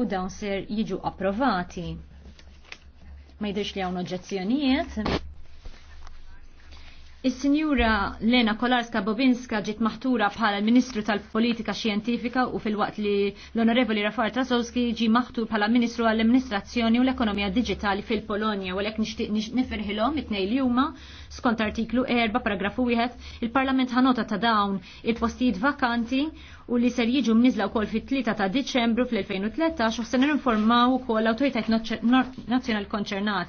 u dawn ser jiġu approvati. Ma jidirx li hawn oġġezzjonijiet. Is-Sinjura Lena Kolarska Bobinska ġiet maħtura bħala l-Ministru tal-Politika Xjentifika u fil-waqt li l-Onorevoli Rafael Trasowski ġi maħtur bħala Ministru għall-Amministrazzjoni u l-Ekonomija Digitali fil-Polonja u l-ek nifirħilhom it-tnejn li juma skont artiklu 4 paragrafu 1 il-Parlament ħanota ta' dawn il-postijiet vakanti u li ser jiġu mniżla wkoll fit-3 ta' Diċembru fl-2013 u se ninformaw ukoll l-awtoritajiet Nazjonal Konċernat.